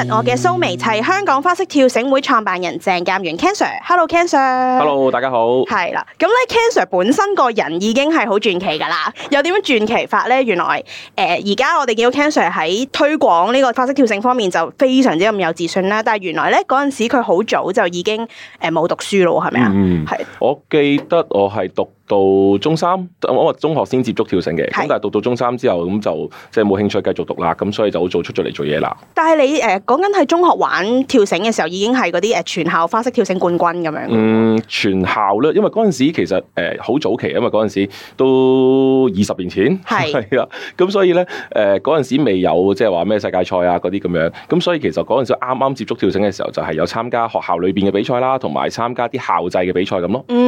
今日我嘅蘇眉係香港花式跳繩會創辦人鄭淦元，Ken Sir。Hello，Ken Sir、嗯。Hello, Can Hello，大家好。係啦，咁咧，Ken Sir 本身個人已經係好傳奇㗎啦。有點樣傳奇法咧？原來誒，而、呃、家我哋見到 Ken Sir 喺推廣呢個花式跳繩方面就非常之咁有自信啦。但係原來咧，嗰陣時佢好早就已經誒冇、呃、讀書咯，係咪啊？係、嗯。我記得我係讀。到中三，我話中學先接觸跳繩嘅，咁是但係讀到中三之後，咁就即係冇興趣繼續讀啦，咁所以就好早出咗嚟做嘢啦。但係你誒講緊喺中學玩跳繩嘅時候，已經係嗰啲誒全校花式跳繩冠軍咁樣。嗯，全校咧，因為嗰陣時其實誒好、呃、早期啊，因為嗰陣時都二十年前，係係是啊，咁、嗯、所以咧誒嗰陣時未有即係話咩世界賽啊嗰啲咁樣，咁所以其實嗰陣時啱啱接觸跳繩嘅時候，就係、是、有參加學校裏邊嘅比賽啦，同埋參加啲校際嘅比賽咁咯。嗯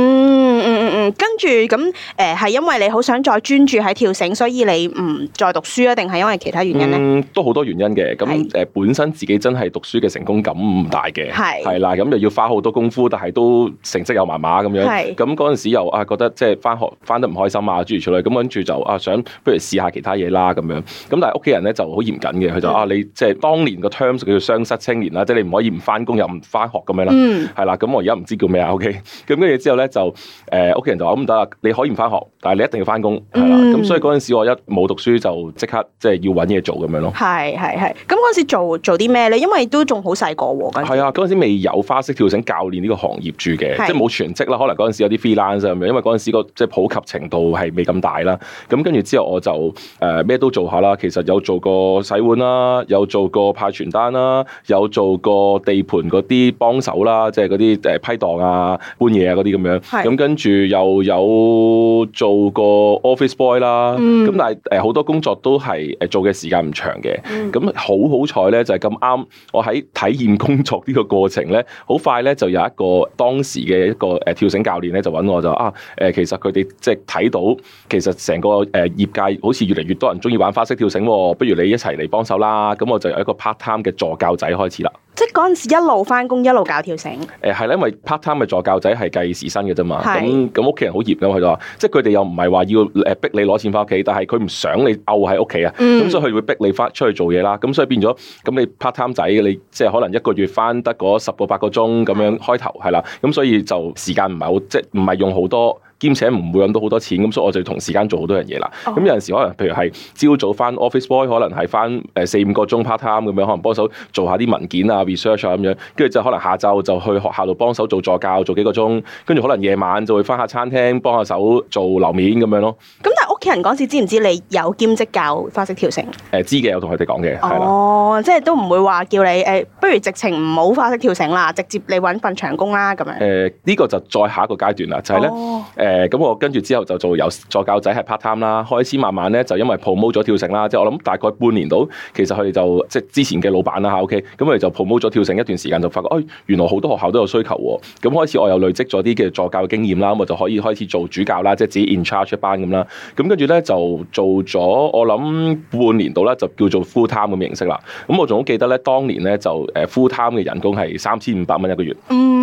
嗯嗯嗯，跟住。咁誒係因為你好想再專注喺跳繩，所以你唔再讀書啊？定係因為其他原因咧？都好多原因嘅。咁、嗯、誒，本身自己真係讀書嘅成功感唔大嘅。係係是啦，咁又要花好多功夫，但係都成績又麻麻咁樣。咁嗰陣時又啊覺得即係翻學翻得唔開心啊諸如此類。咁跟住就啊想，不如試下其他嘢啦咁樣。咁但係屋企人咧就好嚴謹嘅，佢就話啊你即係當年個 terms 叫做雙失青年啦，即係你唔可以唔翻工又唔翻學咁樣、嗯、啦。嗯，係啦。咁我而家唔知叫咩啊？OK。咁跟住之後咧就誒屋企人就話唔得。你可以唔翻學，但係你一定要翻工，係啦。咁、嗯、所以嗰陣時我一冇讀書就即刻即係要搵嘢做咁樣咯。係係係。咁嗰陣時做做啲咩咧？因為都仲好細個喎。係啊，嗰陣、啊、時未有花式跳繩教練呢個行業住嘅，是即係冇全職啦。可能嗰陣時有啲 freelance 咁樣，因為嗰陣時個即係普及程度係未咁大啦。咁跟住之後我就誒咩、呃、都做下啦。其實有做過洗碗啦，有做過派傳單啦，有做過地盤嗰啲幫手啦，即係嗰啲誒批檔啊、搬嘢啊嗰啲咁樣。咁是跟住又有。我做過 office boy 啦，咁、嗯、但係誒好多工作都係誒做嘅時間唔長嘅，咁好好彩咧就係咁啱，我喺體驗工作呢個過程咧，好快咧就有一個當時嘅一個誒跳繩教練咧就揾我就啊，誒其實佢哋即係睇到，其實成個誒業界好似越嚟越多人中意玩花式跳繩，哦，不如你一齊嚟幫手啦，咁我就有一個 part time 嘅助教仔開始啦。即係嗰陣時一路翻工，一路搞跳繩。誒係啦，因為 part time 嘅助教仔係計時薪嘅啫嘛。咁咁屋企人好嚴，咁佢就話，即係佢哋又唔係話要誒逼你攞錢翻屋企，但係佢唔想你漚喺屋企啊。咁、嗯、所以佢會逼你翻出去做嘢啦。咁所以變咗咁你 part time 仔，你即係可能一個月翻得嗰十個八個鐘咁樣開頭係是啦。咁所以就時間唔係好，即係唔係用好多，兼且唔會揾到好多錢，咁所以我就要同時間做好多樣嘢啦。咁、哦嗯、有陣時可能，譬如係朝早返 office boy，可能係返誒四五個鐘 part time 咁樣，可能幫手做下啲文件啊、research 啊咁樣。跟住就可能下晝就去學校度幫手做助教，做幾個鐘。跟住可能夜晚就會返下餐廳幫下手做樓面咁樣咯。咁但係屋企人嗰時知唔知你有兼職教花式跳繩？誒、呃，知嘅，有同佢哋講嘅。哦，的即係都唔會話叫你誒、呃，不如直情唔好花式跳繩啦，直接你揾份長工啦咁樣。誒、呃，呢、這個就再下一個階段啦，就係、是、咧誒，咁我跟住之後就做有助教仔係 part time 啦，開始慢慢咧就因為 promote 咗跳繩啦，即係我諗大概半年到，其實佢哋就即係之前嘅老闆啦，OK，咁佢哋就 promote 咗跳繩一段時間，就發覺，哎，原來好多學校都有需求喎、啊，咁、嗯、開始我又累積咗啲嘅助教嘅經驗啦，咁、嗯、我就可以開始做主教啦，即係自己 in charge 一班咁啦，咁跟住咧就做咗我諗半年度啦，就叫做 full time 咁嘅形式啦，咁、嗯、我仲好記得咧，當年咧就誒 full time 嘅人工係三千五百蚊一個月，嗯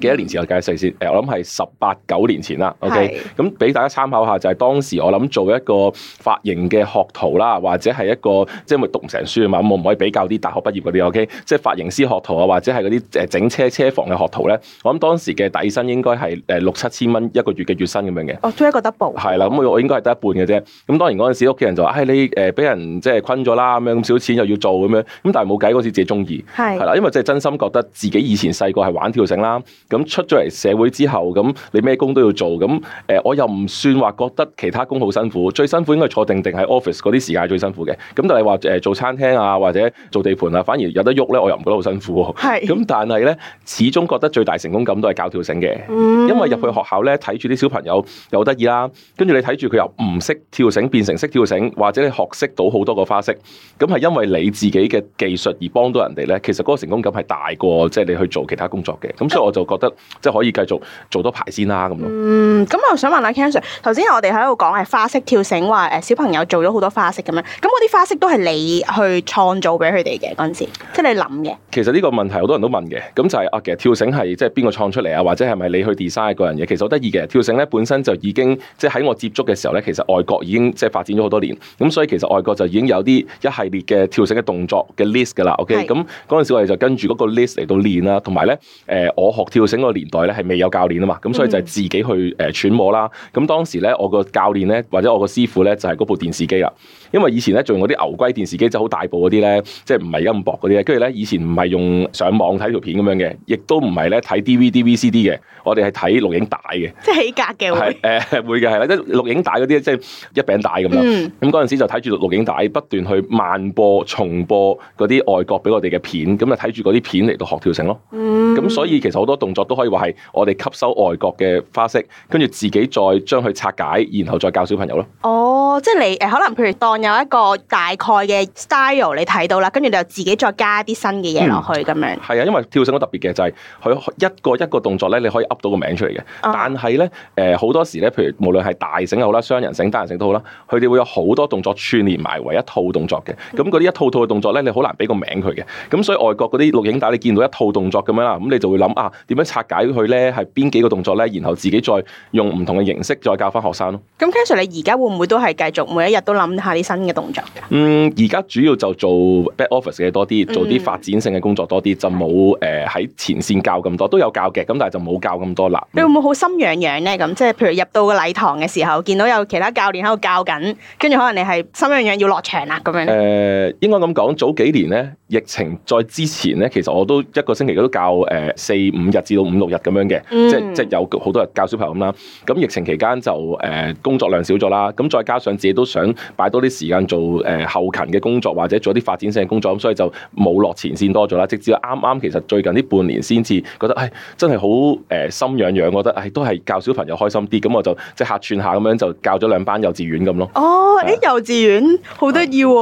幾多年前我計事先，誒我諗係十八九年前啦。OK，咁俾是大家參考下，就係、是、當時我諗做一個髮型嘅學徒啦，或者係一個即係咪讀唔成書啊嘛？咁我唔可以比較啲大學畢業嗰啲。OK，即係髮型師學徒啊，或者係嗰啲誒整車車房嘅學徒咧。我諗當時嘅底薪應該係誒六七千蚊一個月嘅月薪咁樣嘅。哦，一個 double，係啦，咁我我應該係得一半嘅啫。咁當然嗰陣時屋企人就話唉、哎，你誒俾人即係昆咗啦，咁樣咁少錢又要做咁樣，咁但係冇計嗰時自己中意係啦，因為即係真心覺得自己以前細個係玩跳繩啦。咁出咗嚟社會之後，咁你咩工都要做，咁誒、呃、我又唔算話覺得其他工好辛苦，最辛苦應該坐定定喺 office 嗰啲時間係最辛苦嘅。咁但係話誒做餐廳啊，或者做地盤啊，反而有得喐咧，我又唔覺得好辛苦喎。咁是但係咧，始終覺得最大成功感都係搞跳繩嘅，嗯、因為入去學校咧睇住啲小朋友又好得意啦，跟住你睇住佢又唔識跳繩變成識跳繩，或者你學識到好多個花式，咁係因為你自己嘅技術而幫到人哋咧，其實嗰個成功感係大過即係、就是、你去做其他工作嘅。咁所以我就覺得即係可以繼續做多排先啦咁咯。嗯，咁我想問下 Ken Sir，頭先我哋喺度講係花式跳繩，話誒小朋友做咗好多花式咁樣，咁嗰啲花式都係你去創造俾佢哋嘅嗰陣時，即係你諗嘅。其實呢個問題好多人都問嘅，咁就係啊，其實跳繩係即係邊個創出嚟啊？或者係咪你去 design 嗰樣嘢？其實好得意嘅，跳繩咧本身就已經即係喺我接觸嘅時候咧，其實外國已經即係發展咗好多年，咁所以其實外國就已經有啲一系列嘅跳繩嘅動作嘅 list 噶啦。OK，咁嗰陣時我哋就跟住嗰個 list 嚟到練啦，同埋咧誒我學跳。跳繩個年代咧係未有教練啊嘛，咁、嗯、所以就係自己去誒揣摩啦。咁當時咧我個教練咧或者我個師傅咧就係、是、嗰部電視機啦。因為以前咧仲用嗰啲牛龜電視機，就好、是、大部嗰啲咧，即係唔係音薄嗰啲咧。跟住咧以前唔係用上網睇條片咁樣嘅，亦都唔係咧睇 DVD、VCD 嘅。我哋係睇錄影帶嘅，即係起格嘅會。誒、呃、會嘅係啦，即係錄影帶嗰啲即係一餅帶咁樣。咁嗰陣時就睇住錄影帶不斷去慢播、重播嗰啲外國俾我哋嘅片，咁就睇住嗰啲片嚟到學跳繩咯。咁、嗯、所以其實好多動作都可以話係我哋吸收外國嘅花式，跟住自己再將佢拆解，然後再教小朋友咯。哦，即係你誒可能譬如當有一個大概嘅 style 你睇到啦，跟住你就自己再加啲新嘅嘢落去咁樣。係、嗯、啊，因為跳繩好特別嘅就係、是、佢一個一個動作咧，你可以 up 到個名出嚟嘅。哦、但係咧誒好多時咧，譬如無論係大繩又好啦，雙人繩單人繩都好啦，佢哋會有好多動作串連埋為一套動作嘅。咁嗰啲一套套嘅動作咧，你好難俾個名佢嘅。咁所以外國嗰啲錄影帶你見到一套動作咁樣啦，咁你就會諗啊點樣？拆解佢咧，係邊幾個動作咧？然後自己再用唔同嘅形式再教翻學生咯。咁 Ken Sir，你而家會唔會都係繼續每一日都諗下啲新嘅動作？嗯，而家主要就做 back office 嘅多啲，做啲發展性嘅工作多啲，嗯、就冇誒喺前線教咁多，都有教嘅，咁但係就冇教咁多啦。嗯、你會唔會好心癢癢咧？咁即係，譬如入到個禮堂嘅時候，見到有其他教練喺度教緊，跟住可能你係心癢癢要落場啦咁樣咧？誒、呃，應該咁講，早幾年咧，疫情再之前咧，其實我都一個星期都教誒、呃、四五日到五六日咁樣嘅，即、嗯、即有好多日教小朋友咁啦。咁疫情期間就誒工作量少咗啦，咁再加上自己都想擺多啲時間做誒後勤嘅工作或者做啲發展性嘅工作，咁所以就冇落前線多咗啦。直至啱啱其實最近呢半年先至覺得，誒真係好誒心癢癢，覺得誒都係教小朋友開心啲。咁我就即客串下咁樣就教咗兩班幼稚園咁咯。哦，誒、啊、幼稚園好得意喎！係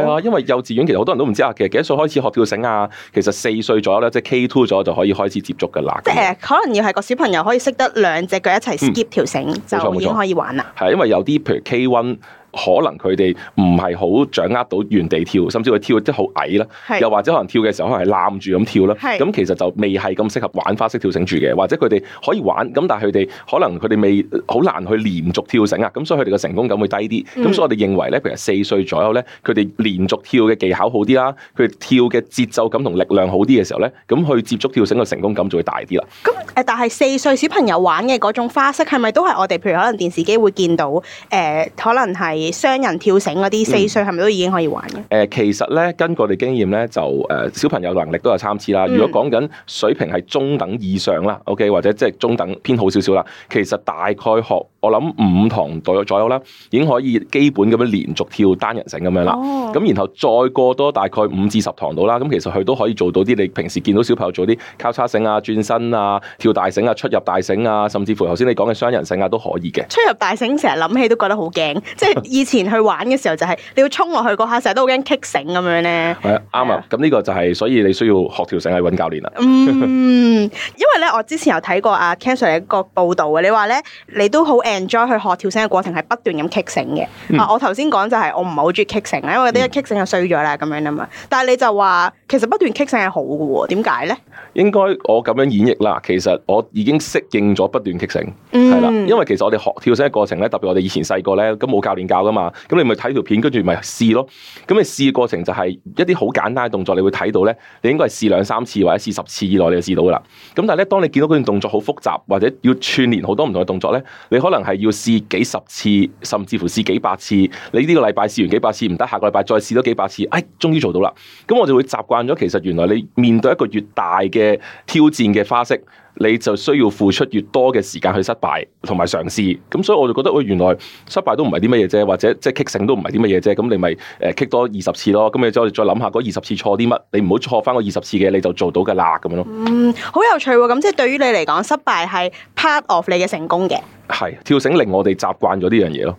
啊，哦、啊，因為幼稚園其實好多人都唔知啊，其實幾多歲開始學跳繩啊？其實四歲左右咧，即 K two 左右就可以開始接觸㗎啦。即係誒、呃，可能要係個小朋友可以識得兩隻腳一齊 skip 條繩，嗯、就已經可以玩啦。係錯，因為有啲譬如 K1 可能佢哋唔係好掌握到原地跳，甚至佢跳得好矮啦，是又或者可能跳嘅時候可能係攬住咁跳啦。咁，是其實就未係咁適合玩花式跳繩住嘅，或者佢哋可以玩，咁但係佢哋可能佢哋未好難去連續跳繩啊。咁所以佢哋嘅成功感會低啲。咁、嗯、所以我哋認為咧，譬如四歲左右咧，佢哋連續跳嘅技巧好啲啦，佢跳嘅節奏感同力量好啲嘅時候咧，咁去接觸跳繩嘅成功感就會大啲啦。咁誒、嗯，但係四歲小朋友玩嘅嗰種花式係咪都係我哋譬如可能電視機會見到誒、呃、可能係。雙人跳繩嗰啲四歲係咪都已經可以玩嘅？誒、嗯呃，其實咧，根據我哋經驗咧，就誒、呃、小朋友能力都有參差啦。如果講緊水平係中等以上啦，OK，、嗯、或者即係中等偏好少少啦，其實大概學我諗五堂到左右啦，已經可以基本咁樣連續跳單人繩咁樣啦。咁、哦、然後再過多大概五至十堂到啦，咁其實佢都可以做到啲你平時見到小朋友做啲交叉繩啊、轉身啊、跳大繩啊、出入大繩啊，甚至乎頭先你講嘅雙人繩啊都可以嘅。出入大繩成日諗起都覺得好驚，即係～以前去玩嘅時候就係你要衝落去嗰下，成日都好驚 kick 繩咁樣咧。係、嗯、啊，啱啊樣，咁呢個就係所以你需要學跳繩去揾教練啦。嗯，樣因為咧我之前有睇過阿 Ken Sir 一個報導嘅，你話咧你都好 enjoy 去學跳繩嘅過程，係不斷咁 kick 繩嘅。啊，我頭先講就係我唔係好中意 kick 繩，因為有啲一 kick 繩就衰咗啦咁樣啊嘛。但係你就話其實不斷 kick 繩係好嘅喎，點解咧？應該我咁樣演繹啦，其實我已經適應咗不斷 kick 繩，係啦，因為其實我哋學跳繩嘅過程咧，特別我哋以前細個咧，咁冇教練教練教練。噶嘛，咁、嗯、你咪睇條片，跟住咪試咯。咁、嗯、你試過程就係一啲好簡單嘅動作，你會睇到咧。你應該係試兩三次，或者試十次以內，你就試到㗎啦。咁、嗯、但係咧，當你見到嗰種動作好複雜，或者要串連好多唔同嘅動作咧，你可能係要試幾十次，甚至乎試幾百次。你呢個禮拜試完幾百次唔得，下個禮拜再試多幾百次，哎，終於做到啦。咁、嗯、我就會習慣咗，其實原來你面對一個越大嘅挑戰嘅花式。你就需要付出越多嘅時間去失敗同埋嘗試，咁所以我就覺得，喂、哎，原來失敗都唔係啲乜嘢啫，或者即係 Kick 繩都唔係啲乜嘢啫，咁你咪誒 Kick 多二十次咯，咁你之後再諗下嗰二十次錯啲乜，你唔好錯翻嗰二十次嘅你就做到㗎啦，咁樣咯。嗯，好有趣喎、哦！咁、嗯、即係對於你嚟講，失敗係 part of 你嘅成功嘅。係跳繩令我哋習慣咗呢樣嘢咯。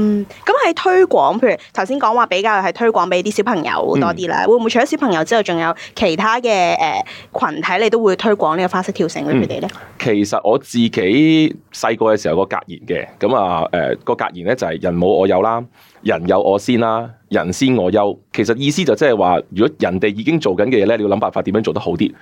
嗯，咁喺推廣，譬如頭先講話比較係推廣俾啲小朋友多啲啦，嗯、會唔會除咗小朋友之外，仲有其他嘅誒、呃、群體，你都會推廣呢個花式跳繩俾佢哋咧？其實我自己細個嘅時候個格言嘅，咁啊誒個格言咧就係、是、人冇我有啦。人有我先啦、啊，人先我優，其實意思就即係話，如果人哋已經做緊嘅嘢咧，你要諗辦法點樣做得好啲。咁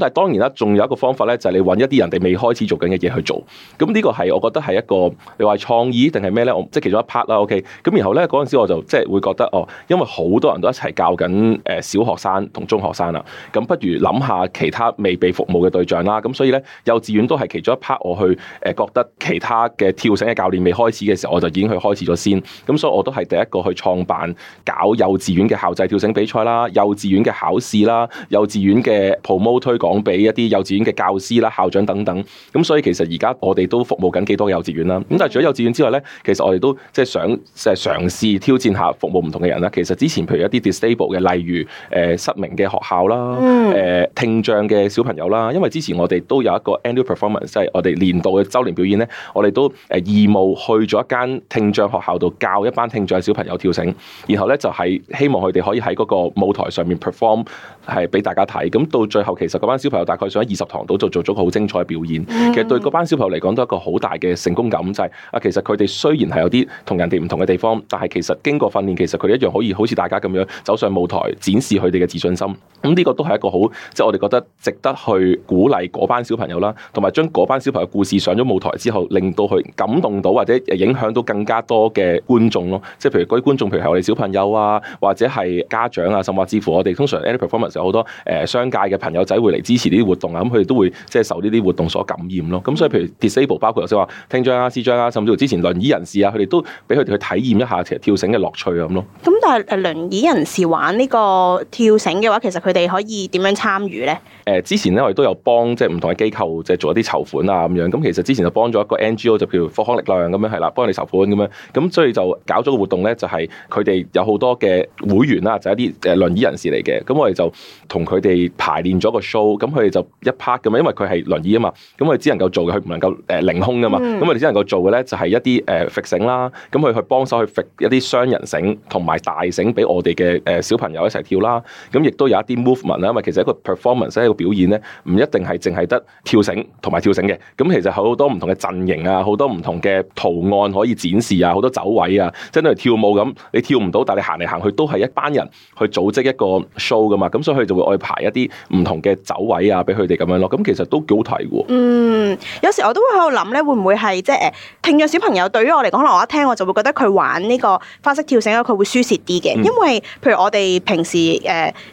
但係當然啦，仲有一個方法咧，就係、是、你揾一啲人哋未開始做緊嘅嘢去做。咁呢個係我覺得係一個你話創意定係咩咧？我即係其中一 part 啦。OK，咁然後咧嗰陣時我就即係會覺得哦，因為好多人都一齊教緊誒小學生同中學生啦，咁不如諗下其他未被服務嘅對象啦。咁所以咧，幼稚園都係其中一 part，我去誒、呃、覺得其他嘅跳繩嘅教練未開始嘅時候，我就已經去開始咗先。咁所以我都係。第一個去創辦搞幼稚園嘅校際跳繩比賽啦，幼稚園嘅考試啦，幼稚園嘅 promote 推廣俾一啲幼稚園嘅教師啦、校長等等。咁所以其實而家我哋都服務緊幾多幼稚園啦。咁但係除咗幼稚園之外咧，其實我哋都即係想即係嘗試挑戰下服務唔同嘅人啦。其實之前譬如一啲 disable 嘅，例如誒、呃、失明嘅學校啦，誒、呃、聽障嘅小朋友啦。因為之前我哋都有一個 annual performance，即係我哋年度嘅周年表演咧，我哋都誒義務去咗一間聽障學校度教一班聽障小朋友跳繩，然後咧就係希望佢哋可以喺嗰個舞台上面 perform，係俾大家睇。咁到最後，其實嗰班小朋友大概上咗二十堂度，就做咗個好精彩嘅表演。其實對嗰班小朋友嚟講，都係一個好大嘅成功感，就係啊，其實佢哋雖然係有啲同人哋唔同嘅地方，但係其實經過訓練，其實佢一樣可以好似大家咁樣走上舞台展示佢哋嘅自信心。咁呢個都係一個好，即係我哋覺得值得去鼓勵嗰班小朋友啦，同埋將嗰班小朋友故事上咗舞台之後，令到佢感動到或者影響到更加多嘅觀眾咯。即係譬如啲觀眾，譬如係我哋小朋友啊，或者係家長啊，甚至乎我哋通常 any performance 有好多誒商界嘅朋友仔會嚟支持呢啲活動啊，咁佢哋都會即係受呢啲活動所感染咯。咁、嗯、所以譬如 disable，包括有時話聽障啊、視障啊，甚至乎之前輪椅人士啊，佢哋都俾佢哋去體驗一下其實跳繩嘅樂趣咁咯。咁、嗯、但係誒輪椅人士玩呢個跳繩嘅話，其實佢哋可以點樣參與咧？誒、呃、之前咧我哋都有幫即係唔同嘅機構即係做一啲籌款啊咁樣。咁其實之前就幫咗一個 NGO 就叫科學力量咁樣係啦，幫你哋籌款咁樣。咁所以就搞咗個活動。咧就係佢哋有好多嘅會員啦，就係、一啲誒輪椅人士嚟嘅，咁我哋就同佢哋排練咗個 show，咁佢哋就一 part 咁啊，因為佢係輪椅啊嘛，咁佢只能夠做嘅，佢唔能夠誒、呃、凌空噶嘛，咁我哋只能夠做嘅咧就係、係、一啲誒甩繩啦，咁佢去幫手去甩一啲雙人繩同埋大繩俾我哋嘅誒小朋友一齊跳啦，咁亦都有一啲 movement 啦，因為其實一個 performance 一個表演咧唔一定係淨係得跳繩同埋跳繩嘅，咁其實好多唔同嘅陣型啊，好多唔同嘅圖案可以展示啊，好多走位啊，即係跳舞咁你跳唔到，但你行嚟行去都係一班人去組織一個 show 噶嘛，咁所以佢就會安排一啲唔同嘅走位啊，俾佢哋咁樣咯。咁其實都幾好睇嘅。嗯，有時我都會喺度諗咧，會唔會係即係誒聽障小朋友對於我嚟講，可能我一聽我就會覺得佢玩呢個花式跳繩，佢會舒適啲嘅。嗯、因為譬如我哋平時誒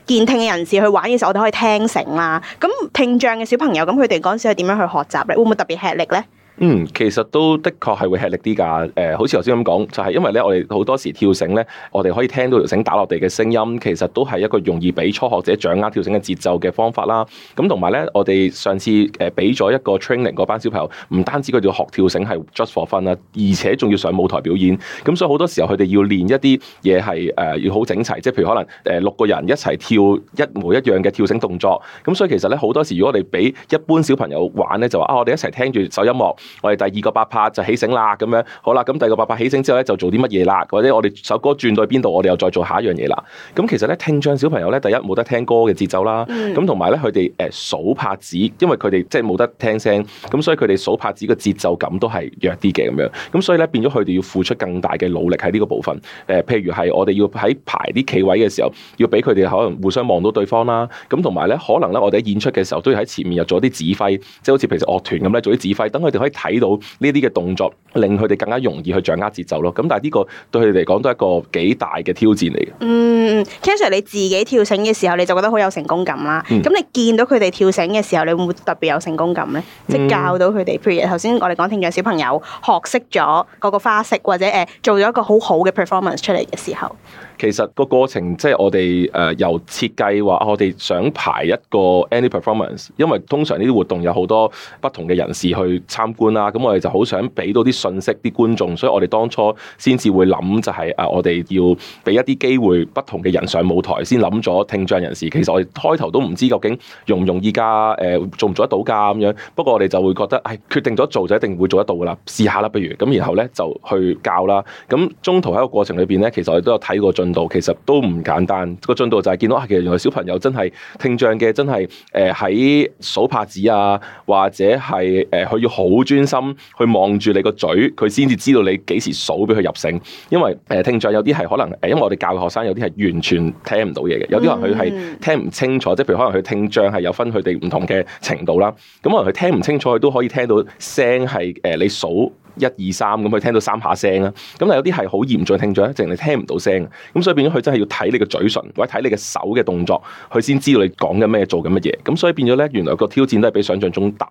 健聽嘅人士去玩嘅時候，我哋可以聽繩啦。咁聽障嘅小朋友，咁佢哋嗰陣時係點樣去學習咧？會唔會特別吃力咧？嗯，其實都的確係會吃力啲㗎。誒、呃，好似頭先咁講，就係、是、因為咧，我哋好多時跳繩咧，我哋可以聽到條繩打落地嘅聲音，其實都係一個容易俾初學者掌握跳繩嘅節奏嘅方法啦。咁同埋咧，我哋上次誒俾咗一個 training 嗰班小朋友，唔單止佢哋要學跳繩係 just for fun 啦，而且仲要上舞台表演。咁、嗯、所以好多時候佢哋要練一啲嘢係誒要好整齊，即係譬如可能誒六個人一齊跳一模一樣嘅跳繩動作。咁、嗯、所以其實咧好多時，如果我哋俾一般小朋友玩咧，就話啊，我哋一齊聽住首音樂。我哋第二個八拍就起聲啦，咁樣好啦，咁第二個八拍起聲之後咧，就做啲乜嘢啦？或者我哋首歌轉到去邊度，我哋又再做下一樣嘢啦。咁其實咧，聽障小朋友咧，第一冇得聽歌嘅節奏啦，咁同埋咧佢哋誒數拍子，因為佢哋即係冇得聽聲，咁所以佢哋數拍子嘅節奏感都係弱啲嘅咁樣。咁所以咧變咗佢哋要付出更大嘅努力喺呢個部分。誒、呃，譬如係我哋要喺排啲企位嘅時候，要俾佢哋可能互相望到對方啦。咁同埋咧，可能咧我哋喺演出嘅時候，都要喺前面又做啲指揮，即係好似平常樂團咁咧做啲指揮，等佢哋可以睇到呢啲嘅動作，令佢哋更加容易去掌握節奏咯。咁但係呢個對佢哋嚟講都係一個幾大嘅挑戰嚟嘅。嗯 Ken Sir 你自己跳繩嘅時候你就覺得好有成功感啦。咁、嗯、你見到佢哋跳繩嘅時候，你會唔會特別有成功感呢？即、就、係、是、教到佢哋，譬、嗯、如頭先我哋講聽障小朋友學識咗嗰個花式，或者誒、呃、做咗一個好好嘅 performance 出嚟嘅時候。其實個過程即係我哋誒、呃、由設計話，我哋想排一個 any performance，因為通常呢啲活動有好多不同嘅人士去參觀啦，咁、啊嗯、我哋就好想俾到啲信息啲觀眾，所以我哋當初先至會諗就係、是、誒、啊、我哋要俾一啲機會不同嘅人上舞台，先諗咗聽障人士。其實我哋開頭都唔知究竟容唔容易㗎誒做唔做得到㗎咁樣，不過我哋就會覺得係、哎、決定咗做就一定會做得到㗎啦，試下啦不如咁，然後咧就去教啦。咁中途喺個過程裏邊咧，其實我哋都有睇過進度其實都唔簡單，個進度就係見到啊，其實原來小朋友真係聽障嘅，真係誒喺數拍子啊，或者係誒佢要好專心去望住你個嘴，佢先至知道你幾時數俾佢入繩。因為誒、呃、聽障有啲係可能誒，因為我哋教嘅學生有啲係完全聽唔到嘢嘅，有啲人佢係聽唔清楚，即係、嗯、譬如可能佢聽障係有分佢哋唔同嘅程度啦。咁可能佢聽唔清楚，佢都可以聽到聲係誒你數。一二三咁佢聽到三下聲啦，咁但有啲係好嚴重聽障，淨係聽唔到聲，咁所以變咗佢真係要睇你嘅嘴唇，或者睇你嘅手嘅動作，佢先知道你講緊咩，做緊乜嘢。咁所以變咗咧，原來個挑戰都係比想象中大。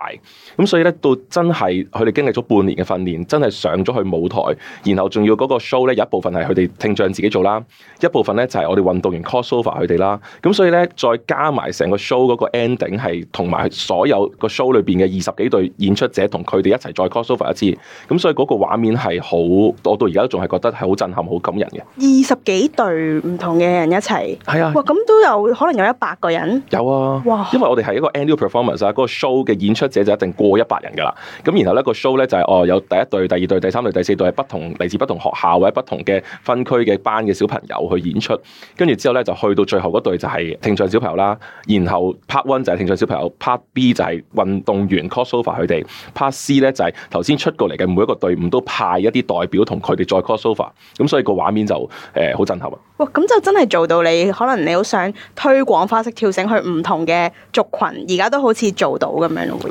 咁所以咧到真係佢哋經歷咗半年嘅訓練，真係上咗去舞台，然後仲要嗰個 show 咧有一部分係佢哋聽障自己做啦，一部分咧就係我哋運動員 crossover 佢哋啦。咁所以咧再加埋成個 show 嗰個 ending 係同埋所有個 show 裏邊嘅二十幾對演出者同佢哋一齊再 crossover 一次。咁、嗯、所以個畫面係好，我到而家都仲係覺得係好震撼、好感人嘅。二十幾對唔同嘅人一齊，係啊，哇！咁都有可能有一百個人。有啊，哇！因為我哋係一個 annual performance 啊，個 show 嘅演出者就一定過一百人噶啦。咁然後咧、個 show 咧就係、是、哦、呃、有第一對、第二對、第三對、第四對係不同嚟自不同學校或者不同嘅分區嘅班嘅小朋友去演出，跟住之後咧就去到最後嗰對就係聽障小朋友啦。然後 part one 就係聽障小朋友，part B 就係運動員 crossover 佢哋，part C 咧就係頭先出過嚟嘅每個隊伍都派一啲代表同佢哋再 crossover，咁所以個畫面就誒好震撼啊！咁、哦、就真係做到你可能你好想推廣花式跳繩去唔同嘅族群，而家都好似做到咁樣咯，會。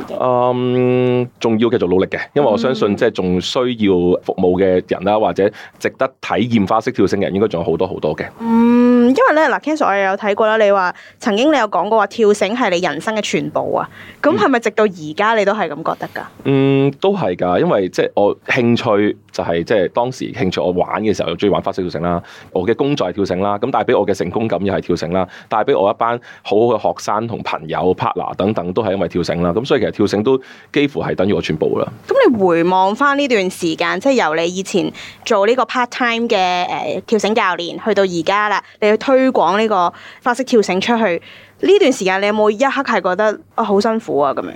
嗯，仲要繼續努力嘅，因為我相信即係仲需要服務嘅人啦，嗯、或者值得體驗花式跳繩嘅人應該仲有好多好多嘅。嗯，因為咧嗱，Ken Sir 我有睇過啦，u, 過你話曾經你有講過話跳繩係你人生嘅全部啊，咁係咪直到而家你都係咁覺得㗎？嗯，是是都係㗎、嗯，因為即係我興趣就係即係當時興趣我時，我玩嘅時候又鍾意玩花式跳繩啦，我嘅工作。跳繩啦，咁帶俾我嘅成功感又係跳繩啦，帶俾我一班好好嘅學生同朋友 partner 等等都係因為跳繩啦，咁所以其實跳繩都幾乎係等於我全部啦。咁你回望翻呢段時間，即係由你以前做呢個 part time 嘅誒、呃、跳繩教練，去到而家啦，你去推廣呢個花式跳繩出去，呢段時間你有冇一刻係覺得啊好、哦、辛苦啊咁樣？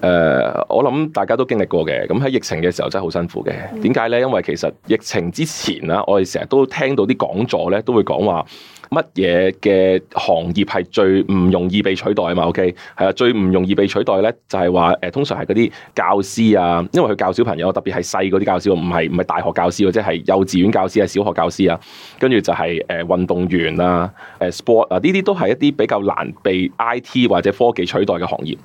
誒，uh, 我諗大家都經歷過嘅，咁喺疫情嘅時候真係好辛苦嘅。點解咧？因為其實疫情之前啦、啊，我哋成日都聽到啲講座咧，都會講話。乜嘢嘅行業係最唔容易被取代啊嘛？OK 係啊，最唔容易被取代咧就係話誒通常係啲教師啊，因為佢教小朋友，特別係細啲教師，唔係唔係大學教師喎，即係幼稚園教師啊、小學教師啊，跟住就係誒運動員啊、誒 sport 啊，呢啲都係一啲比較難被 IT 或者科技取代嘅行業，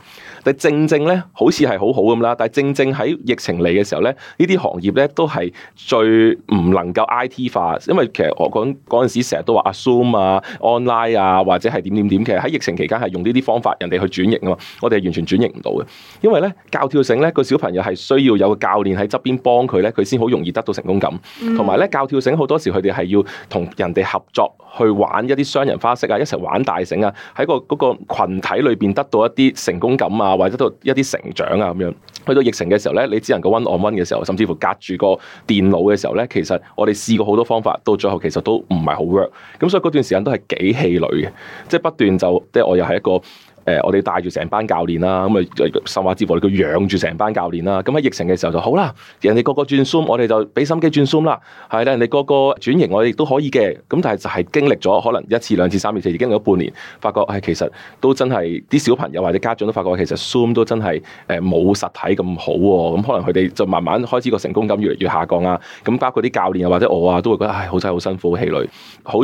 但係正正咧，好，好似係好好咁啦。但係正正喺疫情嚟嘅時候咧，呢啲行業咧都係最唔能夠 IT 化，因為其實我嗰陣時成日都話阿。啊，online 啊，或者係點點點，其實喺疫情期間係用呢啲方法，人哋去轉型啊嘛，我哋係完全轉型唔到嘅，因為咧教跳繩咧個小朋友係需要有個教練喺側邊幫佢咧，佢先好容易得到成功感，同埋咧教跳繩好多時佢哋係要同人哋合作去玩一啲雙人花式啊，一齊玩大繩啊，喺個嗰個群體裏邊得到一啲成功感啊，或者到一啲成長啊咁樣，去到疫情嘅時候咧，你只能夠 one on one 嘅時候，甚至乎隔住個電腦嘅時候咧，其實我哋試過好多方法，到最後其實都唔係好 work，咁所以嗰段。時間都係幾氣餒嘅，即係不斷就，即係我又係一個。誒、呃，我哋帶住成班教練啦，咁啊，甚或甚至乎我哋叫養住成班教練啦。咁喺疫情嘅時候就好啦，人哋個個轉 Zoom，我哋就俾心機轉 Zoom 啦。係啦，人哋個個轉型，我哋都可以嘅。咁但係就係經歷咗可能一次、兩次、三次，四次，經歷咗半年，發覺唉、哎，其實都真係啲小朋友或者家長都發覺其實 Zoom 都真係誒冇實體咁好喎、啊。咁可能佢哋就慢慢開始個成功感越嚟越下降啦。咁包括啲教練或者我啊，都會覺得唉，好真係好辛苦、氣好氣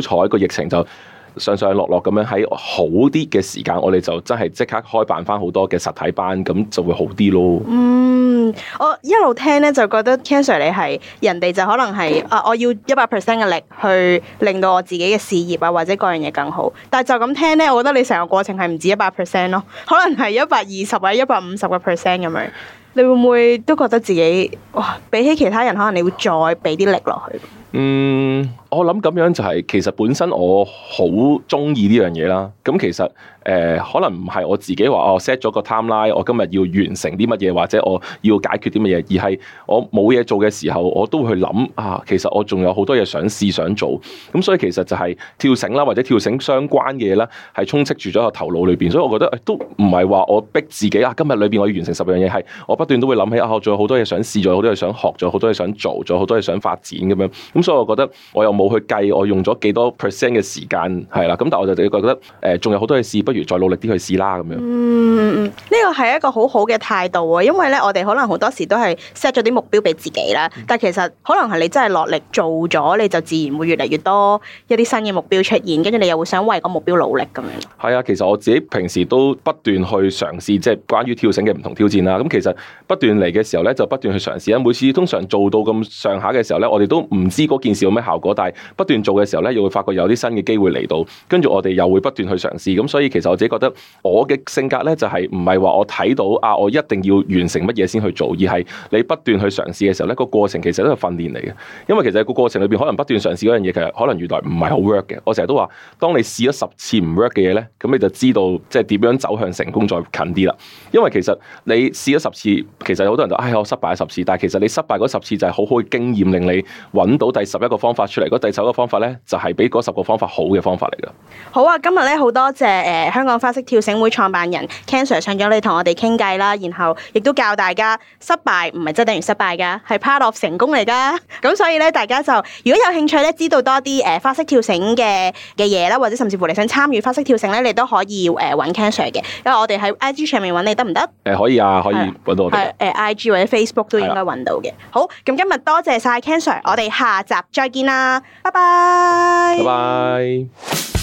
餒。好彩個疫情就～上上落落咁樣喺好啲嘅時間，我哋就真係即刻開辦翻好多嘅實體班，咁就會好啲咯。嗯，我一路聽咧就覺得 Ken Sir 你係人哋就可能係啊，我要一百 percent 嘅力去令到我自己嘅事業啊或者各樣嘢更好。但係就咁聽咧，我覺得你成個過程係唔止一百 percent 咯，可能係一百二十或者一百五十個 percent 咁樣。你會唔會都覺得自己哇，比起其他人，可能你會再俾啲力落去？嗯，我諗咁樣就係、是，其實本身我好中意呢樣嘢啦。咁、嗯、其實。誒可能唔係我自己話我 set 咗個 time line，我今日要完成啲乜嘢，或者我要解決啲乜嘢，而係我冇嘢做嘅時候，我都會去諗啊，其實我仲有好多嘢想試想做，咁所以其實就係跳繩啦，或者跳繩相關嘅嘢啦，係充斥住咗個頭腦裏邊，所以我覺得、欸、都唔係話我逼自己啊，今日裏邊我要完成十樣嘢，係我不斷都會諗起啊，我仲有好多嘢想試，想，想做，好多嘢想學，做好多嘢想做，做好多嘢想發展咁樣，咁所以我覺得我又冇去計我用咗幾多 percent 嘅時間係啦，咁但我就覺得誒，仲、呃、有好多嘢試，不如～再努力啲去試啦，咁樣。嗯，呢個係一個好好嘅態度啊，因為咧，我哋、嗯、可能好多時都係 set 咗啲目標俾自己啦。但係其實可能係你真係落力做咗，你就自然會越嚟越多一啲新嘅目標出現，跟住你又會想為個目標努力咁樣。係啊，其實我自己平時都不斷去嘗試，即係關於跳繩嘅唔同挑戰啦。咁其實不斷嚟嘅時候咧，就不斷去嘗試啊。每次通常做到咁上下嘅時候咧，我哋都唔知嗰件事有咩效果，但係不斷做嘅時候咧，又會發覺有啲新嘅機會嚟到，跟住我哋又會不斷去嘗試，咁所以其實我自己覺得我嘅性格咧，就係唔係話我睇到啊，我一定要完成乜嘢先去做，而係你不斷去嘗試嘅時候咧，個過程其實都係訓練嚟嘅。因為其實個過程裏邊可能不斷嘗試嗰樣嘢，其實可能原來唔係好 work 嘅。我成日都話，當你試咗十次唔 work 嘅嘢咧，咁你就知道即係點樣走向成功再近啲啦。因為其實你試咗十次，其實好多人都唉，哎，我失敗咗十次，但係其實你失敗嗰十次就係好好嘅經驗，令你揾到第十一個方法出嚟。嗰第十個方法咧，就係、是、比嗰十個方法好嘅方法嚟噶。好啊，今日咧好多謝誒。呃香港花式跳繩會創辦人 Ken Sir 上咗嚟同我哋傾偈啦，然後亦都教大家失敗唔係真等於失敗㗎，係 part of 成功嚟㗎。咁 所以咧，大家就如果有興趣咧，知道多啲誒花式跳繩嘅嘅嘢啦，或者甚至乎你想參與花式跳繩咧，你都可以誒揾、呃、Ken Sir 嘅。因為我哋喺 IG 上面揾你得唔得？誒、呃、可以啊，可以揾到我哋。誒、呃、IG 或者 Facebook 都應該揾到嘅。的好，咁今日多謝晒 Ken Sir，我哋下集再見啦，拜拜。拜拜。